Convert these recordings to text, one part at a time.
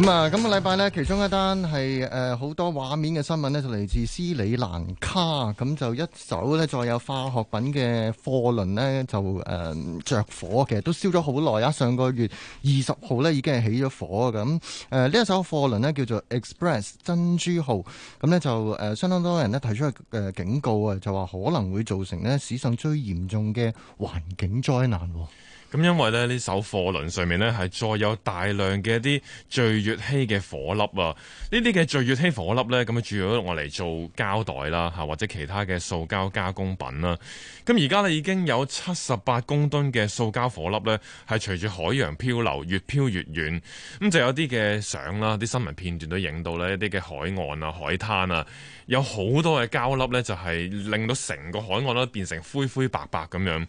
咁啊，咁、嗯今個禮拜呢，其中一單係誒好多畫面嘅新聞呢，就嚟自斯里蘭卡。咁就一手呢，再有化學品嘅貨輪呢，就誒着、呃、火，其實都燒咗好耐啊。上個月二十號呢，已經係起咗火。咁誒呢一艘貨輪呢，叫做 Express 珍珠號，咁呢，就、呃、誒相當多人呢，提出誒、呃、警告啊，就話可能會造成呢史上最嚴重嘅環境災難、哦。咁因為咧，呢艘貨輪上面咧係，載有大量嘅一啲聚乙烯嘅火粒啊，呢啲嘅聚乙烯火粒咧，咁啊，主要攞嚟做膠袋啦吓，或者其他嘅塑膠加工品啦。咁而家咧已經有七十八公噸嘅塑膠火粒咧，係隨住海洋漂流，越漂越遠，咁就有啲嘅相啦，啲新聞片段都影到咧一啲嘅海岸啊、海灘啊，有好多嘅膠粒咧就係令到成個海岸咧變成灰灰白白咁樣，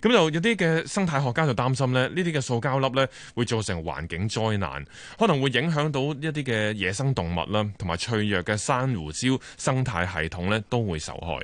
咁就有啲嘅生態學家，而家就擔心呢啲嘅塑膠粒呢會造成環境災難，可能會影響到一啲嘅野生動物啦，同埋脆弱嘅珊瑚礁生態系統呢都會受害。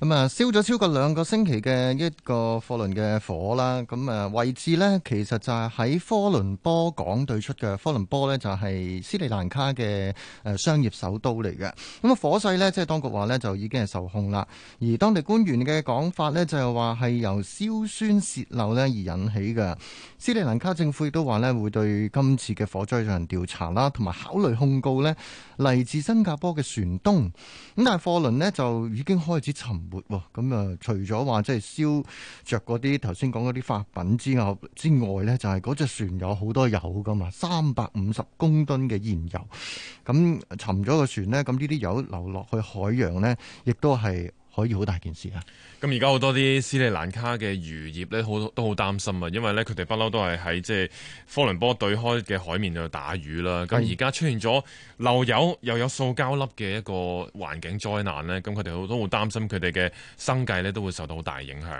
咁啊，燒咗超過兩個星期嘅一個貨輪嘅火啦，咁啊位置呢，其實就係喺科倫坡港對出嘅。科倫坡呢，就係斯里蘭卡嘅誒商業首都嚟嘅。咁啊火勢呢，即係當局話呢，就已經係受控啦。而當地官員嘅講法呢，就係話係由硝酸泄漏呢而引起嘅。斯里蘭卡政府亦都話呢，會對今次嘅火災進行調查啦，同埋考慮控告呢嚟自新加坡嘅船東。咁但係貨輪呢，就已經開始沉。活咁啊，除咗話即係燒着嗰啲頭先講嗰啲化品之外之外咧，就係嗰隻船有好多油噶嘛，三百五十公噸嘅燃油，咁、嗯、沉咗個船咧，咁呢啲油流落去海洋咧，亦都係。可以好大件事啊！咁而家好多啲斯里蘭卡嘅漁業咧，好都好擔心啊！因為咧，佢哋不嬲都係喺即係科倫坡對開嘅海面度打魚啦。咁而家出現咗漏油又有塑膠粒嘅一個環境災難咧，咁佢哋都都好擔心佢哋嘅生計咧都會受到好大影響。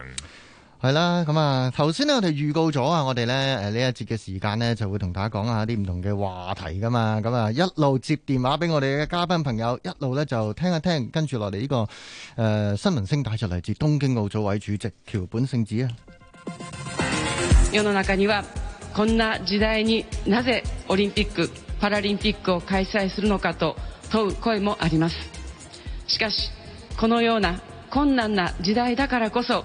係啦、 咁啊、頭先呢我哋預告咗啊，我哋呢呢一節嘅時間呢就會同大家講下啲唔同嘅話題㗎嘛，咁啊，一路接電話畀我哋嘅嘉賓朋友，一路呢就聽一聽，跟住落嚟呢個新聞聲帶就嚟自東京奧組委主席、橋本聖子世の中にはこんな時代になぜオリンピック、パラリンピックを開催するのかと問う聲もあります。しかし、このような困難な時代だからこそ、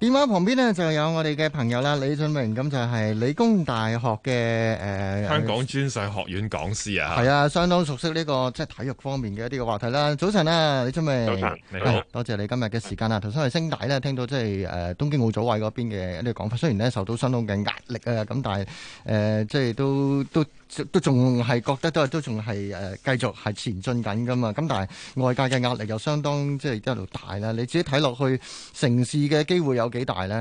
電話旁邊呢就有我哋嘅朋友啦，李峻嶸，咁就係、是、理工大學嘅誒、呃、香港專上學院講師啊，係啊，相當熟悉呢、這個即係體育方面嘅一啲嘅話題啦。早晨呢、啊，李峻嶸，你好，好，多謝你今日嘅時間啦，頭先係星仔呢，聽到即係誒東京奧組委嗰邊嘅一啲講法，雖然呢受到相當嘅壓力啊，咁但係即係都都。都都仲係覺得都係都仲係誒繼續係前進緊噶嘛？咁但係外界嘅壓力又相當即係一路大啦。你自己睇落去，成事嘅機會有幾大咧？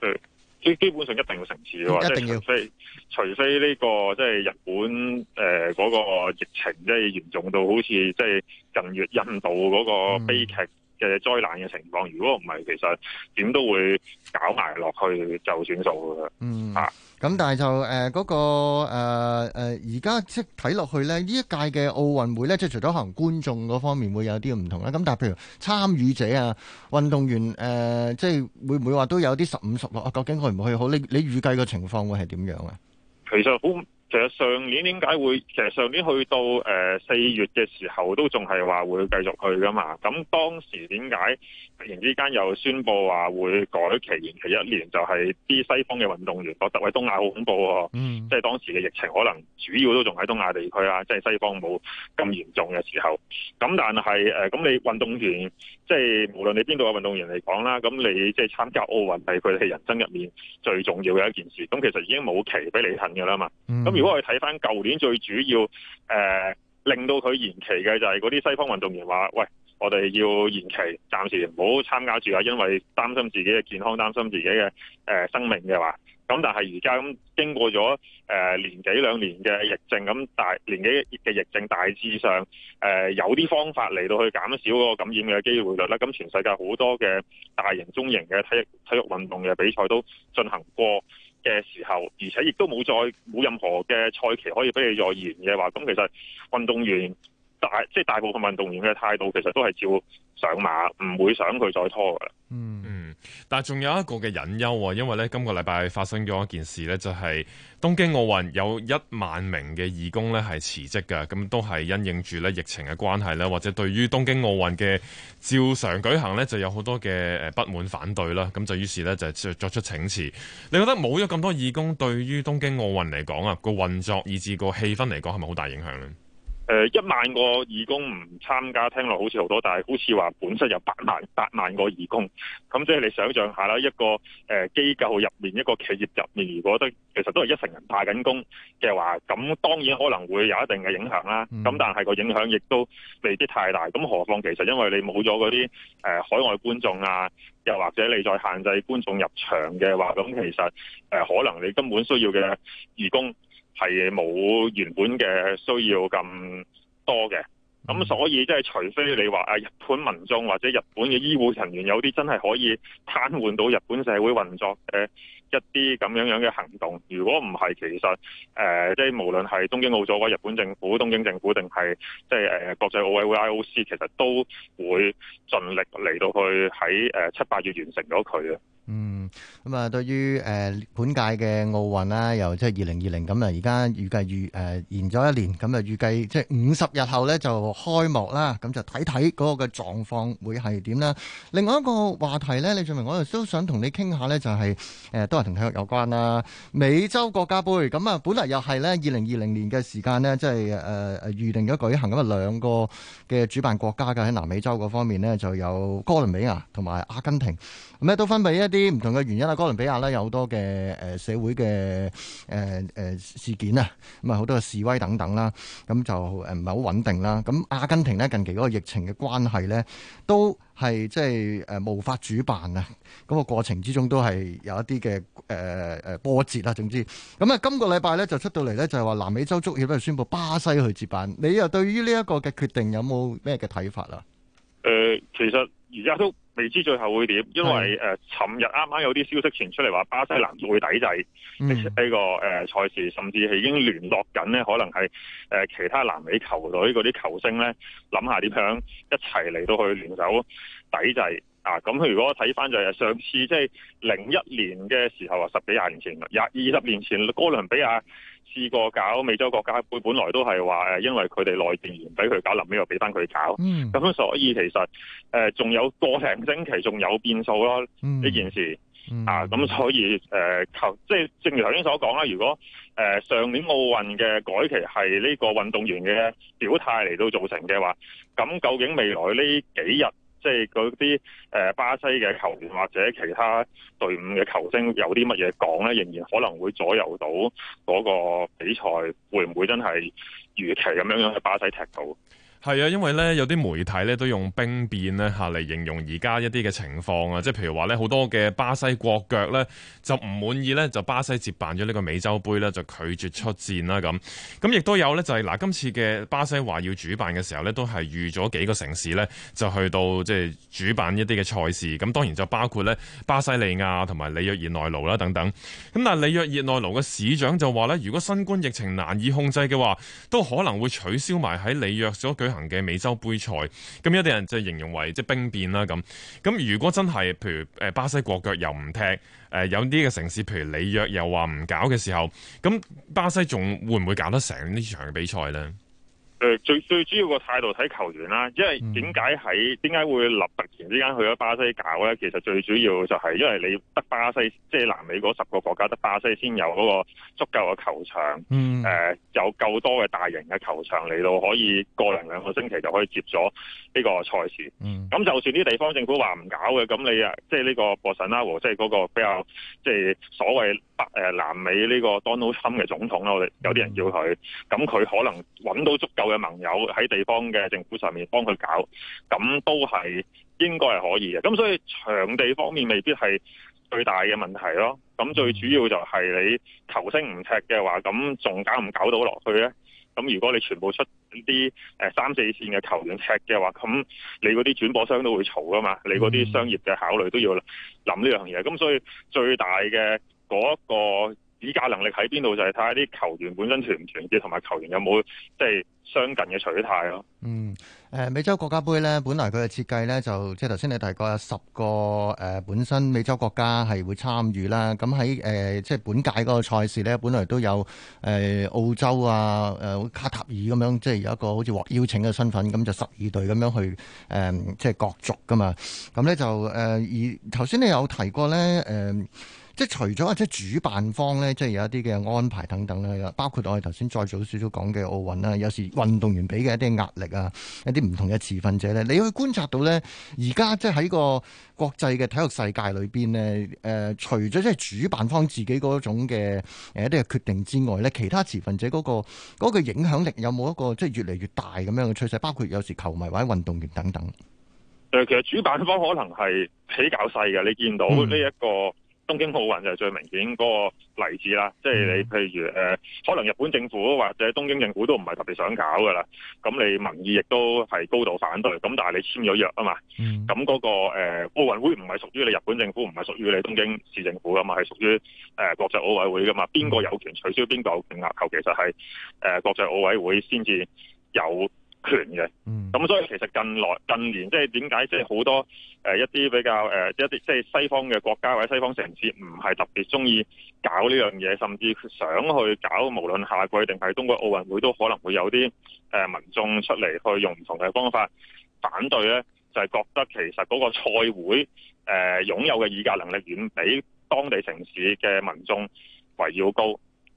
誒，基基本上一定要成事，嘅話、一定要，即係除非除非呢個即係日本誒嗰、呃嗰個疫情即係嚴重到好似即係近月印度嗰個悲劇。嗯嘅災難嘅情況，如果唔係，其實點都會搞埋落去就算數噶啦。嗯啊，咁但係就誒嗰個誒而家即係睇落去咧，呢一屆嘅奧運會咧，即係除咗可能觀眾嗰方面會有啲唔同啦，咁但係譬如參與者啊、運動員誒、呃，即係會唔會話都有啲十五十六啊？究竟去唔去好？你你預計個情況會係點樣啊？其實好。其實上年點解會？其實上年去到誒四、呃、月嘅時候，都仲係話會繼續去噶嘛。咁當時點解突然之間又宣佈話會改期延期一年？就係啲西方嘅運動員覺得：「喂，東亞好恐怖喎、哦。即係、嗯、當時嘅疫情可能主要都仲喺東亞地區啊，即、就、係、是、西方冇咁嚴重嘅時候。咁但係咁、呃、你運動員即係、就是、無論你邊度嘅運動員嚟講啦，咁你即係參加奧運係佢哋人生入面最重要嘅一件事。咁其實已經冇期俾你等㗎啦嘛。咁、嗯。如果我哋睇翻舊年最主要，誒、呃、令到佢延期嘅就係嗰啲西方運動員話：「喂，我哋要延期，暫時唔好參加住啊，因為擔心自己嘅健康，擔心自己嘅、呃、生命嘅話。咁但係而家咁經過咗誒、呃、年幾兩年嘅疫症，咁大年幾嘅疫症大致上誒、呃、有啲方法嚟到去減少嗰個感染嘅機會率啦。咁全世界好多嘅大型、中型嘅體育體育運動嘅比賽都進行過嘅時候，而且亦都冇再冇任何嘅賽期可以俾你再延嘅話，咁其實運動員大即係、就是、大部分運動員嘅態度其實都係照上馬，唔會想佢再拖㗎喇。嗯。但仲有一個嘅隱憂啊，因為咧今個禮拜發生咗一件事呢就係、是、東京奧運有一萬名嘅義工呢係辭職嘅，咁都係因應住咧疫情嘅關係咧，或者對於東京奧運嘅照常舉行呢，就有好多嘅誒不滿反對啦，咁就於是呢，就作出請辭。你覺得冇咗咁多義工，對於東京奧運嚟講啊，個運作以至個氣氛嚟講，係咪好大影響咧？呃、一萬個義工唔參加，聽落好似好多，但係好似話本身有八萬八萬個義工，咁即係你想像下啦。一個誒、呃、機構入面，一個企業入面，如果都其實都係一成人派緊工嘅話，咁當然可能會有一定嘅影響啦。咁但係個影響亦都未必太大。咁何況其實因為你冇咗嗰啲海外觀眾啊，又或者你再限制觀眾入場嘅話，咁其實、呃、可能你根本需要嘅義工，係冇原本嘅需要咁多嘅，咁所以即係除非你話啊，日本民眾或者日本嘅醫護人員有啲真係可以癱瘓到日本社會運作嘅一啲咁樣樣嘅行動，如果唔係，其實誒、呃、即係無論係東京奧組委、日本政府、東京政府定係即係國際奧委會 IOC，其實都會盡力嚟到去喺誒七八月完成咗佢嘅。嗯，咁、嗯、啊，對於誒本屆嘅奧運啦，又即係二零二零咁啊，而家預計預誒延咗一年，咁啊預計即係五十日後呢，就開幕啦，咁就睇睇嗰個嘅狀況會係點啦。另外一個話題呢，李峻嶸，我哋都想同你傾下呢，就係、是、誒、呃、都係同體育有關啦。美洲國家盃咁啊，本嚟又係呢，二零二零年嘅時間呢，即係誒誒預定咗舉行，咁啊兩個嘅主辦國家嘅喺南美洲嗰方面呢，就有哥倫比亞同埋阿根廷，咁咧都分別一啲。啲唔同嘅原因啊，哥倫比亞咧有好多嘅誒社會嘅誒誒事件啊，咁啊好多嘅示威等等啦，咁就誒唔係好穩定啦。咁阿根廷呢近期嗰個疫情嘅關係呢，都係即係誒無法主辦啊。咁個過程之中都係有一啲嘅誒誒波折啦。總之，咁啊今個禮拜呢就出到嚟呢，就係話南美洲足協咧宣布巴西去接辦。你又對於呢一個嘅決定有冇咩嘅睇法啊？誒、呃，其實而家都未知最後會點，因為誒，尋日啱啱有啲消息傳出嚟話巴西男足會抵制呢個誒賽事，甚至係已經聯絡緊呢可能係誒、呃、其他南美球隊嗰啲球星呢諗下點樣一齊嚟到去聯手抵制啊！咁佢如果睇翻，就係上次即係零一年嘅時候啊，十幾廿年前廿二十年前，年前哥倫比亞，試過搞美洲國家盃，本來都係話誒，因為佢哋內地唔俾佢搞，臨尾又俾翻佢搞。咁、嗯、所以其實誒，仲、呃、有個多零星期，仲有變數咯呢、嗯、件事啊，咁所以誒、呃，求即係正如頭先所講啦。如果誒、呃、上年奧運嘅改期係呢個運動員嘅表態嚟到造成嘅話，咁究竟未來呢幾日？即係嗰啲誒巴西嘅球員或者其他隊伍嘅球星有啲乜嘢講咧，仍然可能會左右到嗰個比賽會唔會真係如期咁樣樣喺巴西踢到？係啊，因為咧有啲媒體咧都用兵變咧吓嚟形容而家一啲嘅情況啊，即係譬如話咧好多嘅巴西國腳咧就唔滿意咧，就巴西接辦咗呢個美洲杯咧就拒絕出戰啦咁。咁亦都有咧就係、是、嗱，今次嘅巴西話要主辦嘅時候咧，都係預咗幾個城市咧就去到即係主辦一啲嘅賽事。咁當然就包括咧巴西利亞同埋里約熱內盧啦等等。咁但係里約熱內盧嘅市長就話咧，如果新冠疫情難以控制嘅話，都可能會取消埋喺里約咗。舉行嘅美洲盃賽，咁有啲人就形容為即係兵變啦咁。咁如果真係，譬如誒巴西國腳又唔踢，誒有啲嘅城市譬如里約又話唔搞嘅時候，咁巴西仲會唔會搞得成呢場比賽呢？誒，最最主要個態度睇球員啦，因為點解喺點解會立突然之間去咗巴西搞咧？其實最主要就係因為你得巴西，即、就、係、是、南美嗰十個國家，得巴西先有嗰個足夠嘅球場，誒、mm. 呃，有夠多嘅大型嘅球場嚟到可以個零兩個星期就可以接咗呢個賽事。咁、mm. 就算啲地方政府話唔搞嘅，咁你啊，即係呢個博什納和即係嗰個比較即係、就是、所謂。北誒南美呢個 Donald Trump 嘅總統啦，我哋有啲人叫佢，咁佢可能揾到足夠嘅盟友喺地方嘅政府上面幫佢搞，咁都係應該係可以嘅。咁所以場地方面未必係最大嘅問題咯。咁最主要就係你球星唔踢嘅話，咁仲搞唔搞到落去咧？咁如果你全部出啲誒三四線嘅球員踢嘅話，咁你嗰啲轉播商都會嘈㗎嘛，你嗰啲商業嘅考慮都要諗呢樣嘢。咁所以最大嘅，嗰一個指價能力喺邊度，就係睇下啲球員本身團唔團結，同埋球員有冇即係相近嘅取態咯。嗯、呃，美洲國家盃咧，本來佢嘅設計咧，就即係頭先你提過有十個、呃、本身美洲國家係會參與啦。咁喺、呃、即係本屆嗰個賽事咧，本來都有、呃、澳洲啊、呃、卡塔爾咁樣，即係有一個好似獲邀請嘅身份，咁就十二隊咁樣去、呃、即係角逐噶嘛。咁咧就、呃、而頭先你有提過咧即係除咗或者主辦方咧，即係有一啲嘅安排等等啦，包括我哋頭先再早少少講嘅奧運啦。有時運動員俾嘅一啲壓力啊，一啲唔同嘅持份者咧，你去觀察到咧，而家即係喺個國際嘅體育世界裏邊咧，誒除咗即係主辦方自己嗰種嘅誒一啲嘅決定之外咧，其他持份者嗰個嗰個影響力有冇一個即係越嚟越大咁樣嘅趨勢，包括有時球迷或者運動員等等誒，其實主辦方可能係比較細嘅，你見到呢、這、一個。嗯東京奧運就係最明顯嗰個例子啦，即係你譬如誒，可能日本政府或者東京政府都唔係特別想搞噶啦，咁你民意亦都係高度反對，咁但係你簽咗約啊嘛，咁嗰個誒奧運會唔係屬於你日本政府，唔係屬於你東京市政府噶嘛，係屬於誒國際奧委會噶嘛，邊個有權取消，邊個有權啊？然後其實係誒國際奧委會先至有。權嘅，咁、嗯、所以其實近來近年即係點解即係好多誒、呃、一啲比較誒一啲即係西方嘅國家或者西方城市唔係特別中意搞呢樣嘢，甚至想去搞無論夏季定係冬季奧運會都可能會有啲誒民眾出嚟去用唔同嘅方法反對咧，就係、是、覺得其實嗰個賽會誒、呃、擁有嘅議價能力遠比當地城市嘅民眾為要高。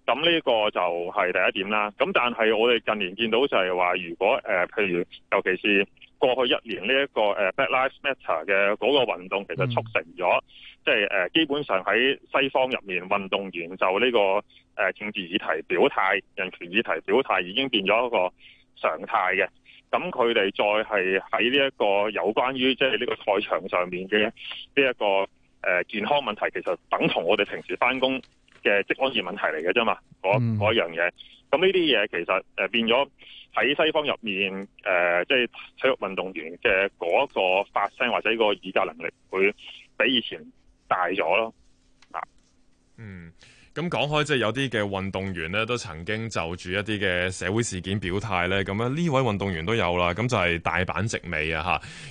咁呢個就係第一點啦。咁但係我哋近年見到就係話，如果誒、呃，譬如尤其是過去一年呢、這、一個 Black Lives Matter 嘅嗰個運動，其實促成咗，即係誒基本上喺西方入面，運動員就呢、這個誒、呃、政治議題表態、人權議題表態，已經變咗一個常態嘅。咁佢哋再係喺呢一個有關於即係呢個賽場上面嘅呢一個誒、呃、健康問題，其實等同我哋平時翻工。嘅職安疑問題嚟嘅啫嘛，嗰樣嘢，咁呢啲嘢其實誒變咗喺西方入面誒，即、呃、係、就是、體育運動員嘅嗰個發聲或者個議價能力，會比以前大咗咯，啊，嗯。咁講開，即係有啲嘅運動員呢，都曾經就住一啲嘅社會事件表態呢。咁呢位運動員都有啦，咁就係大阪直美啊，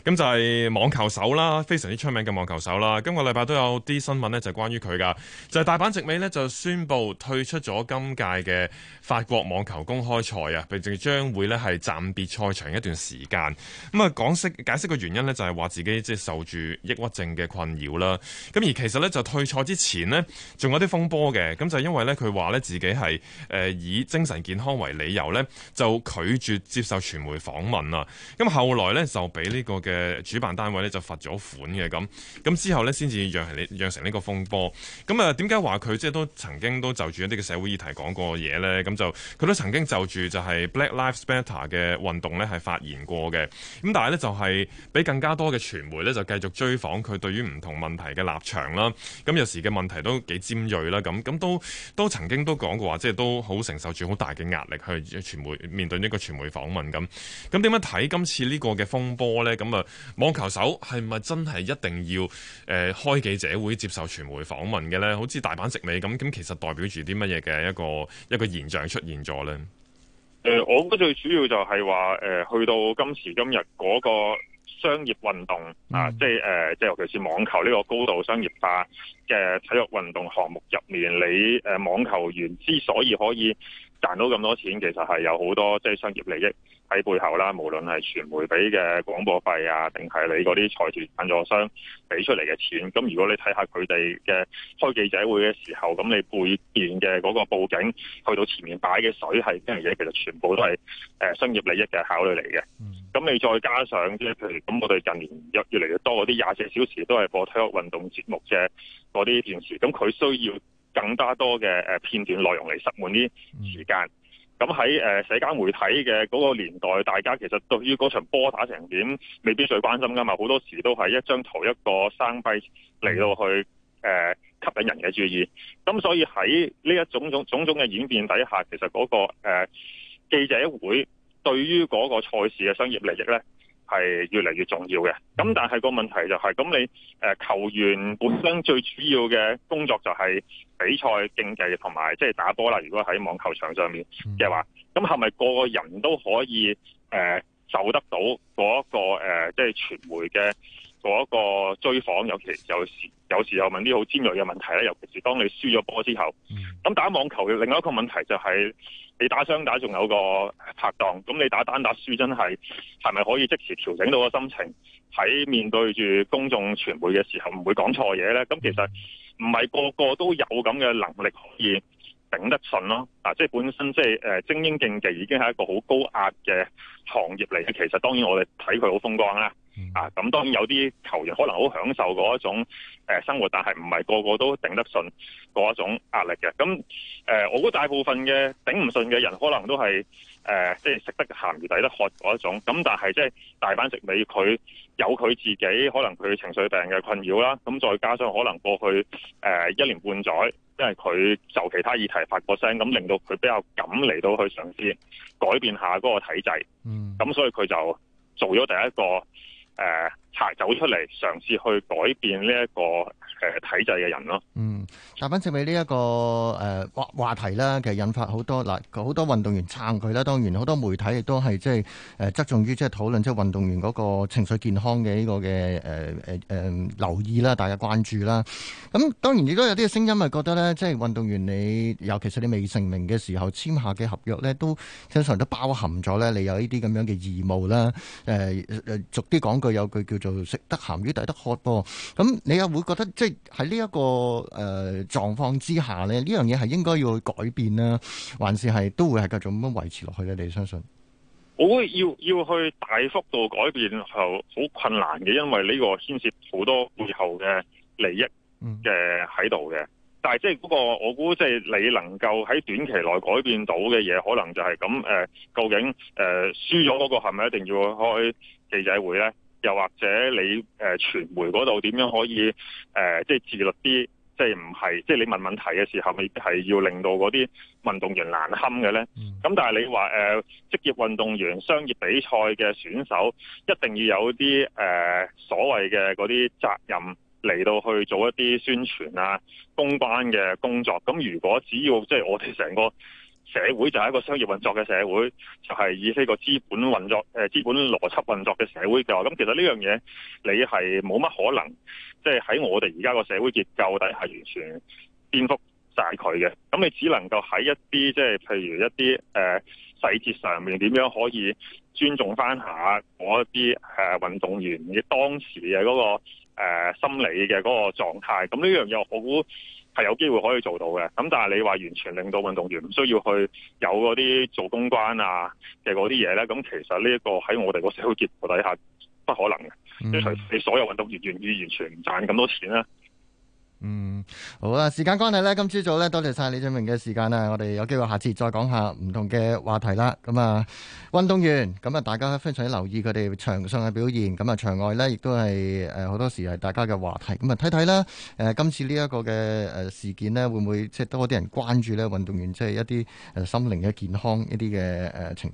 吓，咁就係網球手啦，非常之出名嘅網球手啦。今個禮拜都有啲新聞呢，就關於佢噶，就係大阪直美呢，就宣布退出咗今屆嘅法國網球公開賽啊，並將會呢係暫別賽場一段時間。咁啊，講解釋嘅原因呢，就係話自己即係受住抑鬱症嘅困擾啦。咁而其實呢，就退賽之前呢，仲有啲風波嘅。咁就因為咧，佢話咧自己係、呃、以精神健康為理由咧，就拒絕接受傳媒訪問啦咁、啊、後來咧就俾呢個嘅主辦單位咧就罰咗款嘅咁。咁、啊、之後咧先至釀成呢個風波。咁啊，點解話佢即係都曾經都就住一啲嘅社會議題講過嘢咧？咁、啊、就佢都曾經就住就係 Black Lives Matter 嘅運動咧係發言過嘅。咁、啊、但係咧就係、係、俾更加多嘅傳媒咧就繼續追訪佢對於唔同問題嘅立場啦。咁、啊啊、有時嘅問題都幾尖銳啦。咁、啊、咁。啊啊都都曾經都講過話，即係都好承受住好大嘅壓力去傳，去傳媒面對呢個傳媒訪問咁。咁點樣睇今次呢個嘅風波呢？咁啊，網球手係咪真係一定要誒、呃、開記者會接受傳媒訪問嘅呢？好似大阪直美咁，咁其實代表住啲乜嘢嘅一個一個，一個現象出現咗呢？呃、我覺得最主要就係話誒，去到今時今日嗰、那個。商業運動啊，即係誒，即係尤其是網球呢個高度商業化嘅體育運動項目入面，你誒網球員之所以可以。賺到咁多錢，其實係有好多即係、就是、商業利益喺背後啦。無論係傳媒俾嘅廣播費啊，定係你嗰啲財團贊助商俾出嚟嘅錢。咁如果你睇下佢哋嘅開記者會嘅時候，咁你背面嘅嗰個佈景，去到前面擺嘅水係邊樣嘢，其實全部都係誒商業利益嘅考慮嚟嘅。咁你再加上即係譬如咁，我哋近年越越嚟越多嗰啲廿四小時都係播體育運動節目嘅嗰啲電視，咁佢需要，更加多嘅誒片段內容嚟塞滿啲時間。咁喺誒社交媒體嘅嗰個年代，大家其實對於嗰場波打成點未必最關心噶嘛，好多時都係一張圖一個生幣嚟到去誒、呃、吸引人嘅注意，咁所以喺呢一種種，種種種嘅演變底下，其實嗰、那個誒、呃、記者會對於嗰個賽事嘅商業利益咧。係越嚟越重要嘅，咁但係個問題就係，咁你誒球員本身最主要嘅工作就係比賽競技同埋即係打波啦。如果喺網球場上面嘅話，咁係咪個個人都可以誒受得到嗰一個誒即係傳媒嘅？做一個追訪，尤其是有時有時又問啲好尖鋭嘅問題咧。尤其是當你輸咗波之後，咁打網球嘅另外一個問題就係、是、你打雙打仲有個拍檔，咁你打單打輸真係係咪可以即時調整到個心情？喺面對住公眾傳媒嘅時候，唔會講錯嘢咧。咁其實唔係個個都有咁嘅能力可以頂得順咯。啊，即係本身即係精英競技已經係一個好高壓嘅行業嚟嘅。其實當然我哋睇佢好風光啦。嗯、啊，咁當然有啲球員可能好享受嗰一種、呃、生活，但係唔係個個都頂得順嗰一種壓力嘅。咁誒、呃，我估大部分嘅頂唔順嘅人可、呃就是是是他他，可能都係誒即係食得鹹魚抵得渴嗰一種。咁但係即係大阪直美，佢有佢自己可能佢情緒病嘅困擾啦。咁再加上可能過去誒、呃、一年半載，因為佢就其他議題發過聲，咁令到佢比較敢嚟到去嘗試改變下嗰個體制。嗯。咁所以佢就做咗第一個。誒，查、啊、走出嚟，嘗試去改變呢、這、一個。誒，體制嘅人咯，嗯，產品正俾呢一個誒話、呃、話題啦，其實引發好多嗱，好多運動員撐佢啦。當然，好多媒體亦都係即係誒，側、呃、重於即係討論即係運動員嗰個情緒健康嘅呢、這個嘅誒誒誒，留意啦，大家關注啦。咁、嗯、當然亦都有啲嘅聲音係覺得咧，即係運動員你尤其是你未成名嘅時候簽下嘅合約咧，都通常都包含咗咧，你有呢啲咁樣嘅義務啦。誒、呃、誒，逐啲講句，有句叫做食得鹹魚抵得渴噃。咁你又會覺得即喺呢一個誒狀況之下咧，呢樣嘢係應該要去改變啦，還是係都會係繼續咁樣維持落去咧？你相信？我估要要去大幅度改變係好困難嘅，因為呢個牽涉好多背後嘅利益嘅喺度嘅。嗯、但係即係、那、嗰個，我估即係你能夠喺短期內改變到嘅嘢，可能就係咁誒。究竟誒輸咗嗰個係咪一定要開記者會咧？又或者你誒傳媒嗰度點樣可以誒即係自律啲，即係唔係即係你問問題嘅時候，咪係要令到嗰啲運動員難堪嘅咧？咁、嗯、但係你話誒、呃、職業運動員、商業比賽嘅選手一定要有啲誒、呃、所謂嘅嗰啲責任嚟到去做一啲宣傳啊、公關嘅工作。咁如果只要即係、就是、我哋成個社會就係一個商業運作嘅社會，就係以呢個資本運作、誒資本邏輯運作嘅社會嘅。咁其實呢樣嘢，你係冇乜可能，即係喺我哋而家個社會結構底下完全顛覆晒佢嘅。咁你只能夠喺一啲即係譬如一啲誒細節上面，點樣可以尊重翻下我啲、呃、運動員當時嘅嗰個、呃、心理嘅嗰個狀態。咁呢樣又好，係有機會可以做到嘅，咁但係你話完全令到運動員唔需要去有嗰啲做公關啊嘅嗰啲嘢咧，咁其實呢一個喺我哋個社會結構底下不可能嘅，除非你所有運動員願意完全唔賺咁多錢啦。嗯，好啦，時間關係咧，今朝早咧，多謝晒李峻嶸嘅時間啊！我哋有機會下次再講下唔同嘅話題啦。咁啊，運動員，咁啊，大家非常之留意佢哋場上嘅表現。咁啊，場外咧亦都係誒，好、呃、多時係大家嘅話題。咁啊，睇睇啦，誒、呃，今次呢一個嘅誒事件咧，會唔會即係多啲人關注咧？運動員即係一啲誒心靈嘅健康一啲嘅誒情況。